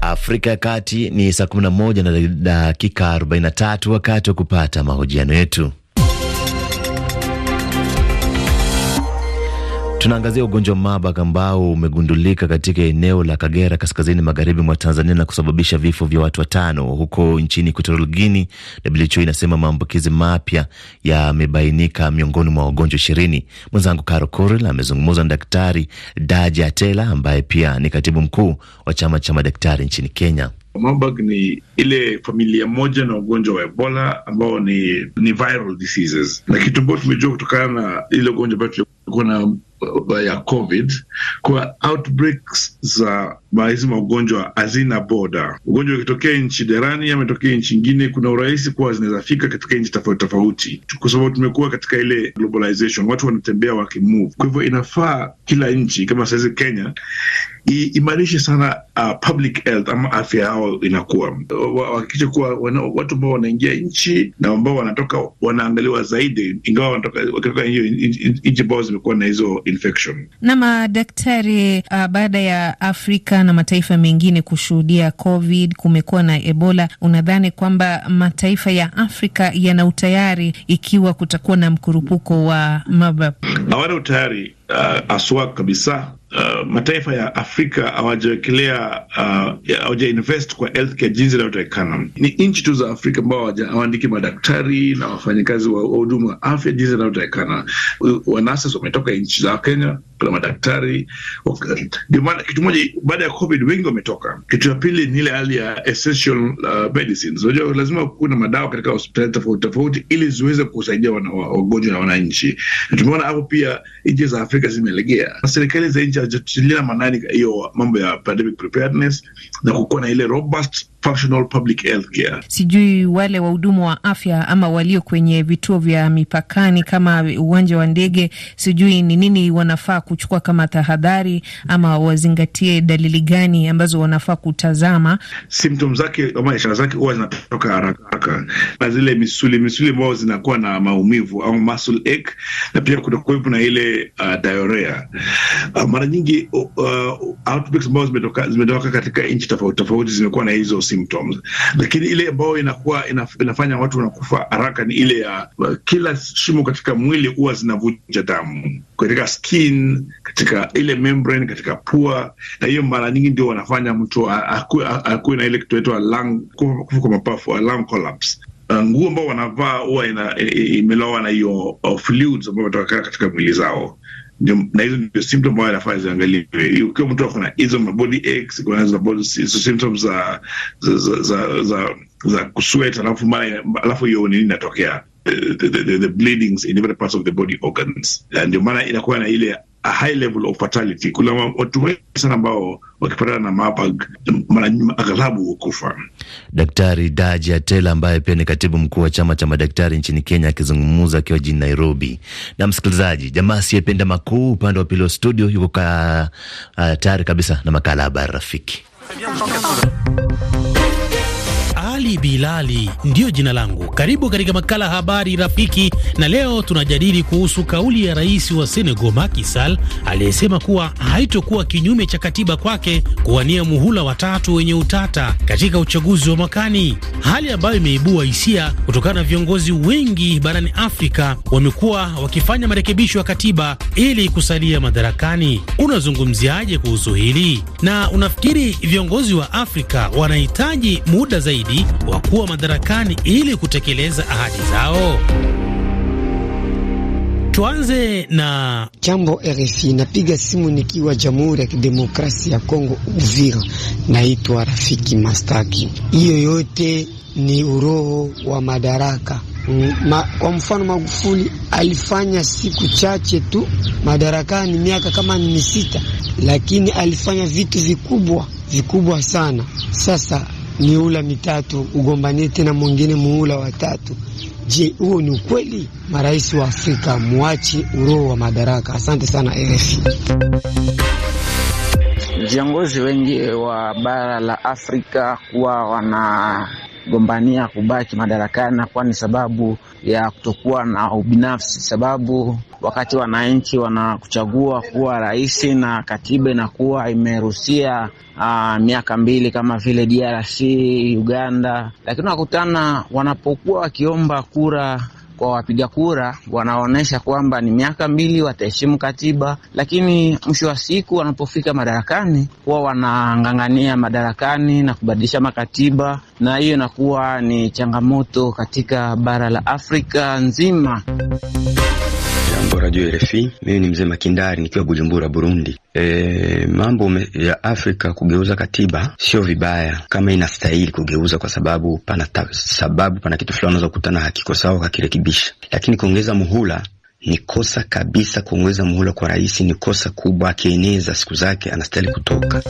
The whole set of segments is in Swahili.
Afrika ya Kati ni saa 11 na dakika 43, wakati wa kupata mahojiano yetu. Tunaangazia ugonjwa wa Marburg ambao umegundulika katika eneo la Kagera kaskazini magharibi mwa Tanzania na kusababisha vifo vya watu watano huko nchini Equatorial Guinea. WHO inasema maambukizi mapya yamebainika miongoni mwa wagonjwa ishirini. Mwenzangu Caro Corel amezungumza na Daktari Daji Atela ambaye pia ni katibu mkuu wa chama cha madaktari nchini Kenya. Marburg ni ile familia moja na ugonjwa wa Ebola ambao ni, ni viral diseases na kitu tumejua kutokana na ile ugonjwa ambayo tulikuwa na Uh, ya COVID kwa outbreaks za hizi magonjwa hazina boda. Ugonjwa ukitokea nchi jirani ametokea nchi ingine, kuna urahisi kuwa zinaweza fika katika nchi tofauti tofauti, kwa sababu tumekuwa katika ile globalization, watu wanatembea wakimove. Kwa hivyo inafaa kila nchi kama saizi Kenya iimarishe sana uh, public health ama afya yao, inakuwa uh, wahakikishe kuwa watu ambao wanaingia nchi na ambao wanatoka wanaangaliwa zaidi, ingawa wanatoka wakitoka nchi ambao zimekuwa na hizo infection. Na madaktari, uh, baada ya Afrika na mataifa mengine kushuhudia COVID, kumekuwa na Ebola. Unadhani kwamba mataifa ya Afrika yana utayari ikiwa kutakuwa na mkurupuko wa mabab? Hawana utayari uh, haswa uh, kabisa uh, mataifa ya Afrika hawajawekelea hawajainvest uh, kwa healthcare jinsi inavyotakikana. Ni nchi tu za Afrika ambao hawaandiki madaktari na wafanyakazi wa huduma wa afya jinsi inavyotakikana. Wanasas wametoka nchi za Kenya kuna madaktari ndio maana kitu moja, baada ya COVID wengi wametoka. Kitu cha pili ni ile hali ya essential uh, medicines. Unajua lazima kuna madawa katika hospitali tofauti tofauti ili ziweze kusaidia wagonjwa na wananchi, na tumeona hapo pia nchi za Afrika zimelegea, na serikali za nchi hazijatilia manani hiyo mambo ya pandemic preparedness na kukuwa na ile robust functional public health care. Sijui wale wahudumu wa afya ama walio kwenye vituo vya mipakani kama uwanja wa ndege, sijui ni nini wanafaa kuchukua kama tahadhari, ama wazingatie dalili gani ambazo wanafaa kutazama. Symptoms zake ama ishara zake huwa zinatoka haraka haraka, na zile misuli misuli ambazo zinakuwa na maumivu au muscle ache, na pia kutokuwepo na ile uh, diarrhea. Uh, mara nyingi uh, uh outbreaks ambazo zimetoka katika nchi tofauti tofauti zimekuwa na hizo symptoms, lakini ile ambayo inakuwa inaf, inafanya watu wanakufa haraka ni ile ya uh, kila shimo katika mwili huwa zinavuja damu katika skin, katika ile membrane, katika pua, na hiyo mara nyingi ndio wanafanya mtu akuwe na ile kinaitwa lung kufa kwa mapafu, lung collapse. Uh, nguo ambao wanavaa huwa imelowa na hiyo uh, fluids ambayo katika mwili zao na hizo ndio symptom ambayo anafaa ziangaliwe. Ukiwa mtu ako na hizo mabody aches, kuna hizo hizo symptoms za za za za, za, za kusweat, alafu mara alafu hiyo nini inatokea the, the, the, the bleedings in different parts of the body organs, ndio maana inakuwa na ile a high level of fatality. Kuna watu wengi sana ambao wakipatana na Marburg mara nyuma aghalabu hukufa. Daktari Daji Atela ambaye pia ni katibu mkuu wa chama cha madaktari nchini Kenya akizungumza akiwa jijini Nairobi. Na msikilizaji, jamaa asiyependa makuu, upande wa pili wa studio yuko ka, uh, tayari kabisa na makala ya habari rafiki ali Bilali ndiyo jina langu. Karibu katika makala Habari Rafiki, na leo tunajadili kuhusu kauli ya rais wa Senegal Macky Sall aliyesema kuwa haitokuwa kinyume cha katiba kwake kuwania muhula watatu wenye utata katika uchaguzi wa mwakani, hali ambayo imeibua hisia kutokana na viongozi wengi barani Afrika wamekuwa wakifanya marekebisho ya katiba ili kusalia madarakani. Unazungumziaje kuhusu hili na unafikiri viongozi wa Afrika wanahitaji muda zaidi wakuwa madarakani ili kutekeleza ahadi zao? Tuanze na jambo RFI. Napiga simu nikiwa Jamhuri ya Kidemokrasia ya Kongo, Uvira. Naitwa Rafiki Mastaki. Hiyo yote ni uroho wa madaraka. Mm, ma, kwa mfano Magufuli alifanya siku chache tu madarakani, miaka kama ni sita, lakini alifanya vitu vikubwa vikubwa sana. Sasa miula mitatu ugombanie tena mwingine muula watatu. Je, huo ni ukweli? Marais wa Afrika muachi uroho wa madaraka. Asante sana RFI. Viongozi wengi wa bara la Afrika kuwa wana kugombania kubaki madarakani, kwani sababu ya kutokuwa na ubinafsi, sababu wakati wananchi wanakuchagua kuwa rais na katiba inakuwa imeruhusia uh, ah, miaka mbili kama vile DRC, Uganda, lakini wakutana wanapokuwa wakiomba kura kwa wapiga kura, wanaonyesha kwamba ni miaka mbili wataheshimu katiba, lakini mwisho wa siku wanapofika madarakani huwa wanang'ang'ania madarakani na kubadilisha makatiba, na hiyo inakuwa ni changamoto katika bara la Afrika nzima. Jambo Radio RFI, mimi ni mzee Makindari nikiwa Bujumbura, Burundi. E, mambo ya Afrika kugeuza katiba sio vibaya kama inastahili kugeuza, kwa sababu pana ta, sababu pana kitu fulani unaweza kukutana hakiko sawa kakirekebisha, lakini kuongeza muhula ni kosa kabisa. Kuongeza muhula kwa rais ni kosa kubwa, akieneza siku zake anastahili kutoka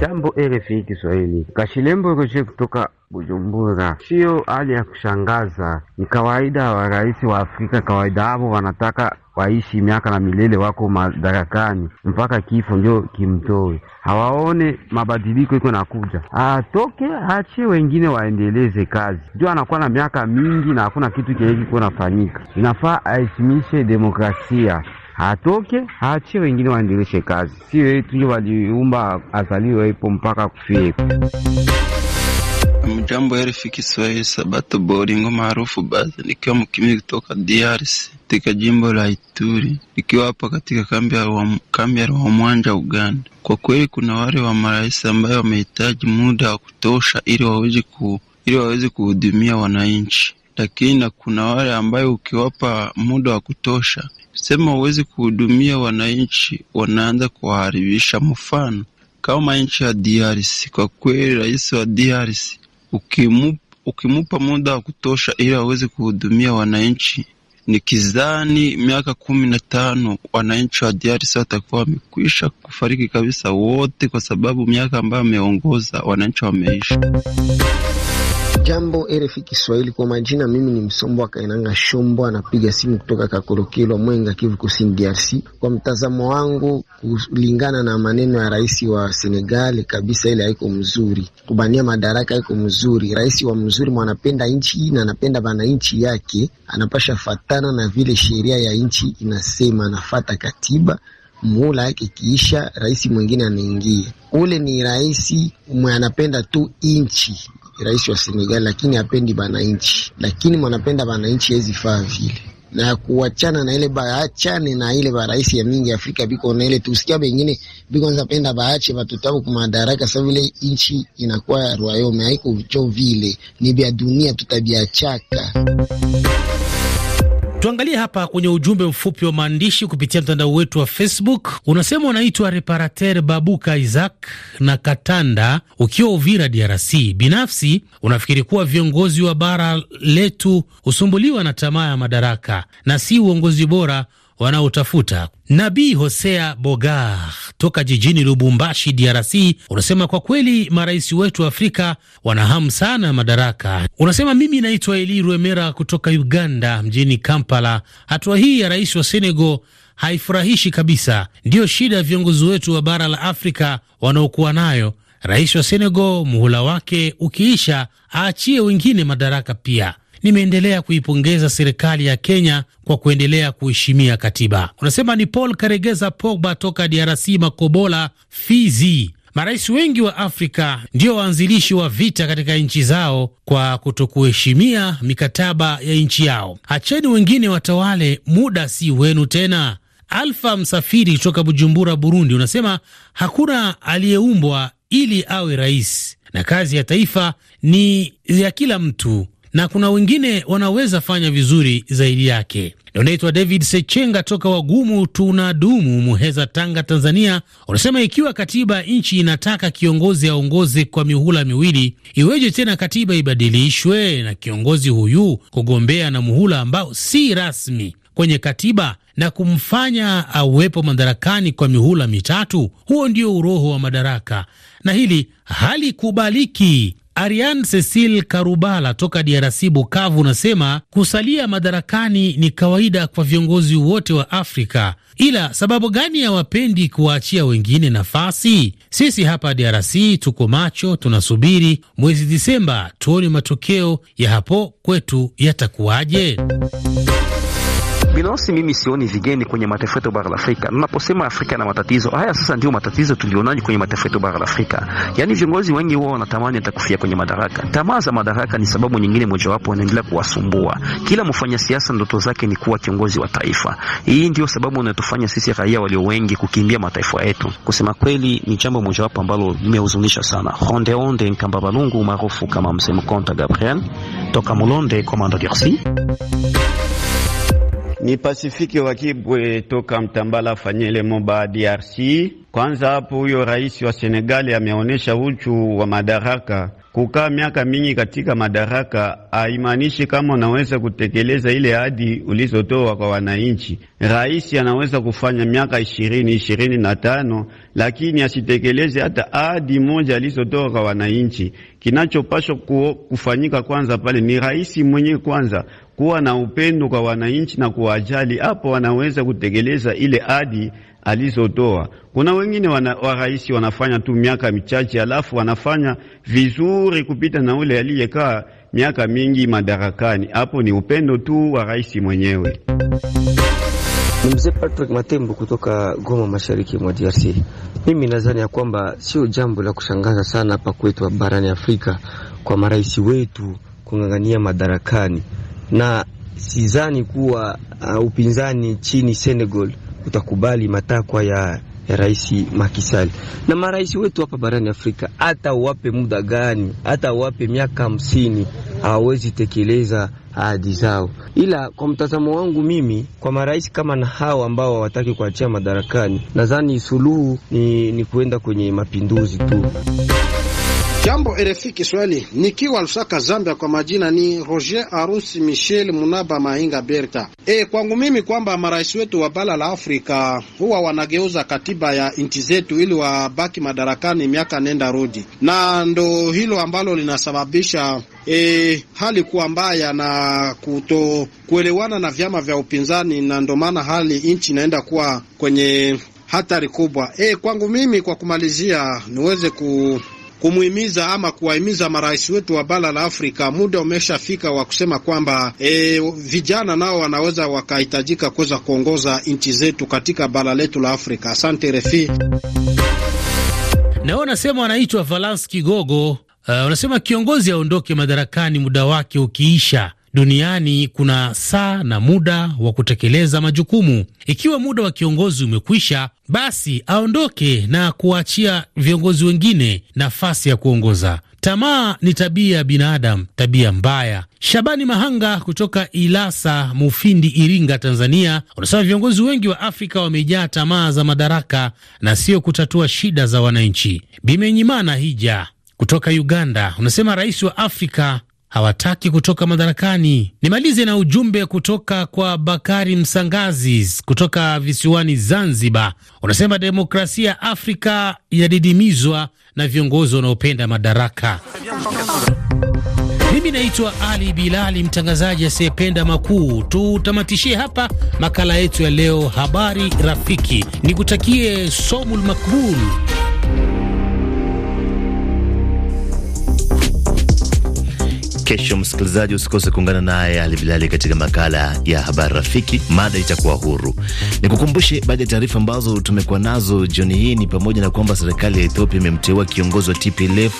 Jambo RFI Kiswahili, Kashilembo Roje kutoka Bujumbura. Sio hali ya kushangaza, ni kawaida wa rais wa Afrika. Kawaida hapo wanataka waishi miaka na milele, wako madarakani mpaka kifo ndio kimtoe, hawaone mabadiliko iko nakuja. Atoke hache wengine waendeleze kazi, juu anakuwa na miaka mingi na hakuna kitu kenye kiko nafanyika. Inafaa aheshimishe demokrasia atoke aachie wengine waendeleshe kazi, si wetu waliumba azaliwe ipo mpaka kufie. Mjambo RFI Kiswahili, Sabato Boringo maarufu basi, nikiwa mkimbizi kutoka DRC katika jimbo la Ituri, nikiwa hapa katika kambi ya Rwamwanja Uganda. Kwa kweli kuna wale wa marais ambayo wamehitaji muda wa kutosha ili waweze ku, ili waweze kuhudumia wananchi, lakini na kuna wale ambayo ukiwapa muda wa kutosha sema huwezi kuhudumia wananchi, wanaanza kuwaharibisha. Mfano kama nchi ya DRC, kwa kweli rais wa DRC ukimupa, ukimupa muda wa kutosha ili aweze kuhudumia wananchi, ni kizani miaka kumi na tano wananchi wa DRC watakuwa wamekwisha kufariki kabisa wote, kwa sababu miaka ambayo ameongoza wananchi wameisha. Jambo RFI Kiswahili, kwa majina mimi ni Msombo Akainanga Shombo, anapiga simu kutoka kakolokelwa Mwenga, Kivu Kusini, DRC. Kwa mtazamo wangu, kulingana na maneno ya rais wa Senegal, kabisa ile haiko mzuri, kubania madaraka haiko mzuri. Rais wa mzuri mwanapenda nchi na anapenda nchi yake, anapasha fatana na vile sheria ya nchi inasema, anafata katiba muhula yake kiisha, rais mwingine anaingia. Ule ni rais mwe anapenda tu nchi rais wa Senegal, lakini hapendi bananchi, lakini mwanapenda bananchi hezi faa vile na kuachana na ile baachane na ile baraisi ya mingi Afrika biko na ile tusikia bengine biko nzapenda penda baache watu tabu kwa madaraka, sababu ile inchi inakuwa royome haiko vicho vile ni vya dunia, tutabiachaka Tuangalie hapa kwenye ujumbe mfupi wa maandishi kupitia mtandao wetu wa Facebook. Unasema unaitwa Reparater Babuka Isaac na Katanda, ukiwa Uvira, DRC. Binafsi unafikiri kuwa viongozi wa bara letu husumbuliwa na tamaa ya madaraka na si uongozi bora wanaotafuta. Nabii Hosea Bogar toka jijini Lubumbashi, DRC, unasema kwa kweli marais wetu wa Afrika wanahamu sana madaraka. Unasema mimi naitwa Eli ruemera kutoka Uganda, mjini Kampala. Hatua hii ya rais wa Senegal haifurahishi kabisa, ndiyo shida ya viongozi wetu wa bara la Afrika wanaokuwa nayo. Rais wa Senegal muhula wake ukiisha, aachie wengine madaraka pia limeendelea kuipongeza serikali ya Kenya kwa kuendelea kuheshimia katiba. Unasema ni Paul Karegeza Pogba toka DRC, Makobola, Fizi. Marais wengi wa Afrika ndio waanzilishi wa vita katika nchi zao kwa kutokuheshimia mikataba ya nchi yao. Acheni wengine watawale, muda si wenu tena. Alfa Msafiri toka Bujumbura, Burundi, unasema hakuna aliyeumbwa ili awe rais, na kazi ya taifa ni ya kila mtu na kuna wengine wanaweza fanya vizuri zaidi yake. unaitwa David Sechenga toka wagumu tunadumu, Muheza, Tanga, Tanzania, unasema ikiwa katiba nchi inataka kiongozi aongoze kwa mihula miwili, iweje tena katiba ibadilishwe na kiongozi huyu kugombea na muhula ambao si rasmi kwenye katiba na kumfanya awepo madarakani kwa mihula mitatu. Huo ndio uroho wa madaraka, na hili halikubaliki. Ariane Cecil Karubala toka DRC Bukavu unasema kusalia madarakani ni kawaida kwa viongozi wote wa Afrika, ila sababu gani hawapendi kuwaachia wengine nafasi? Sisi hapa DRC tuko macho, tunasubiri mwezi Disemba tuone matokeo ya hapo kwetu yatakuwaje. Binafsi mimi sioni vigeni kwenye mataifa yetu bara la Afrika. Ninaposema Afrika na matatizo haya, sasa ndio matatizo tulionayo kwenye mataifa yetu bara la Afrika. Yaani viongozi wengi wao wanatamani atakufia kwenye madaraka. Tamaa za madaraka ni sababu nyingine mojawapo inaendelea kuwasumbua. Kila mfanya siasa ndoto zake ni kuwa kiongozi wa taifa. Hii ndio sababu inatufanya sisi raia walio wengi kukimbia mataifa yetu. Kusema kweli, ni jambo mojawapo ambalo limehuzunisha sana. Honde Honde Nkamba Balungu maarufu kama Msemo Mkonta Gabriel toka Mulonde, Komando DRC. Ni Pasifiki Wakibwe toka Mtambala Fanyele, Moba, DRC. Kwanza hapo, huyo rais wa Senegali ameonyesha uchu wa madaraka. Kukaa miaka mingi katika madaraka haimaanishi kama unaweza kutekeleza ile ahadi ulizotoa kwa wananchi. Rais anaweza kufanya miaka ishirini ishirini na tano lakini asitekeleze hata ahadi moja alizotoa kwa wananchi. kinachopashwa kufanyika kwanza pale ni rais mwenyewe kwanza kuwa na upendo kwa wananchi na kuwajali, hapo wanaweza kutekeleza ile ahadi alizotoa. Kuna wengine wana, wa rahisi wanafanya tu miaka michache, alafu wanafanya vizuri kupita na ule aliyekaa miaka mingi madarakani. Hapo ni upendo tu wa rais mwenyewe. Ni mzee Patrick Matembo kutoka Goma, mashariki mwa DRC. Mimi nadhani ya kwamba sio jambo la kushangaza sana hapa kwetu barani Afrika kwa marais wetu kung'ang'ania madarakani na sizani kuwa uh, upinzani chini Senegal utakubali matakwa ya ya Rais Macky Sall na marais wetu hapa barani Afrika, hata uwape muda gani, hata uwape miaka hamsini, hawawezi tekeleza ahadi zao. Ila kwa mtazamo wangu mimi, kwa marais kama na hao ambao hawataki kuachia madarakani, nadhani suluhu ni, ni kuenda kwenye mapinduzi tu. Jambo RFI Kiswahili, nikiwa Lusaka, Zambia. Kwa majina ni Roger Arusi Michel Munaba Mahinga Berta. E, kwangu mimi kwamba marais wetu wa bara la Afrika huwa wanageuza katiba ya nchi zetu ili wabaki madarakani miaka nenda rudi, na ndo hilo ambalo linasababisha e, hali kuwa mbaya na kuto kuelewana na vyama vya upinzani, na ndo maana hali nchi inaenda kuwa kwenye hatari kubwa. E, kwangu mimi kwa kumalizia niweze ku kumuhimiza ama kuwahimiza marais wetu wa bara la Afrika, muda umeshafika wa kusema kwamba e, vijana nao wanaweza wakahitajika kuweza kuongoza nchi zetu katika bara letu la Afrika. Asante refi nao wanasema wanaitwa Valence Kigogo. Uh, kiongozi aondoke madarakani muda wake ukiisha duniani kuna saa na muda wa kutekeleza majukumu. Ikiwa muda wa kiongozi umekwisha, basi aondoke na kuachia viongozi wengine nafasi ya kuongoza. Tamaa ni tabia ya binadamu, tabia mbaya. Shabani Mahanga kutoka Ilasa, Mufindi, Iringa, Tanzania, unasema viongozi wengi wa Afrika wamejaa tamaa za madaraka na sio kutatua shida za wananchi. Bimenyimana Hija kutoka Uganda unasema rais wa Afrika hawataki kutoka madarakani. Nimalize na ujumbe kutoka kwa Bakari Msangazi kutoka visiwani Zanzibar, unasema demokrasia Afrika inadidimizwa na viongozi wanaopenda madaraka. Mimi naitwa Ali Bilali, mtangazaji asiyependa makuu. Tutamatishie hapa makala yetu ya leo, habari rafiki. Nikutakie somul makbul. Kesho msikilizaji, usikose kuungana naye alivilali katika makala ya habari rafiki, mada itakuwa huru. ni kukumbushe baadhi ya taarifa ambazo tumekuwa nazo jioni hii ni pamoja na kwamba serikali ya Ethiopia imemteua kiongozi wa TPLF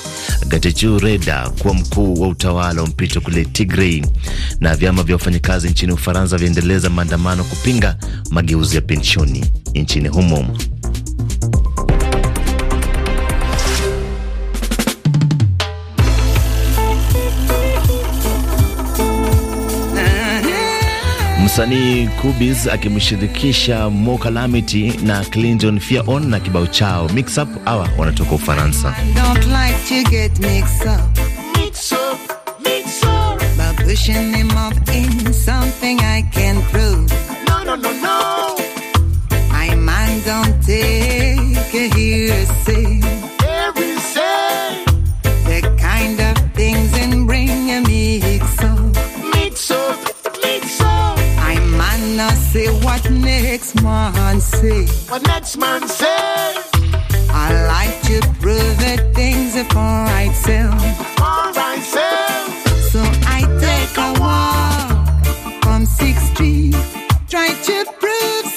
Getachew Reda kuwa mkuu wa utawala wa mpito kule Tigray, na vyama vya wafanyakazi nchini Ufaransa vyaendeleza maandamano kupinga mageuzi ya penshoni nchini humo. Msanii kubis akimshirikisha Mo Calamity na Clinton Fearon na kibao chao mix up. Hawa wanatoka Ufaransa. say? What next man say? I like to prove that things are for myself. For myself. So I take a walk from Sixth Street, try to prove.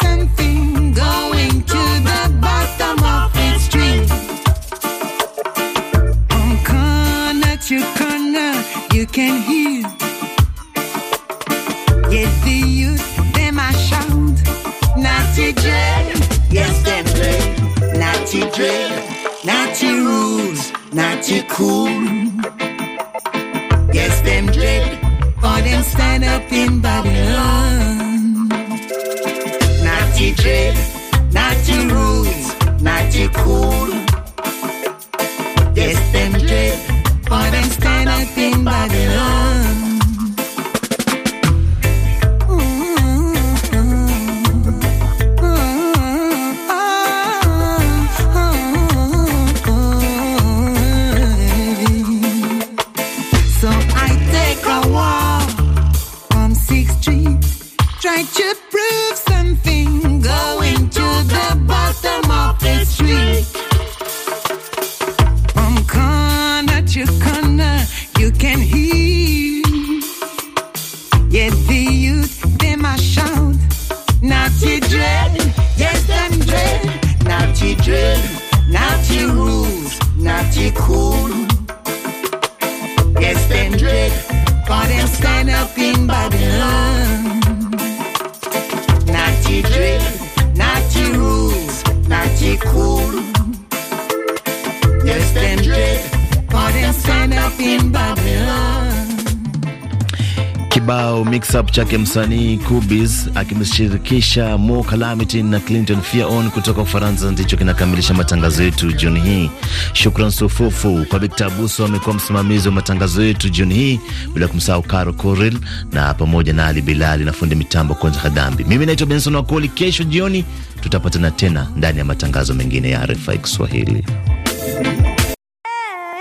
Kibao mix up chake msanii Kubis akimshirikisha Mo Calamity na Clinton Fearon kutoka Ufaransa ndicho kinakamilisha matangazo yetu jioni hii. Shukran sufufu kwa Victor Abuso, amekuwa msimamizi wa matangazo yetu jioni hii, bila kumsahau Caro Corel na pamoja na Ali Bilali na fundi mitambo Konza Kadambi. Mimi naitwa Benson Wakoli. Kesho jioni tutapatana tena ndani ya matangazo mengine ya RFI Kiswahili.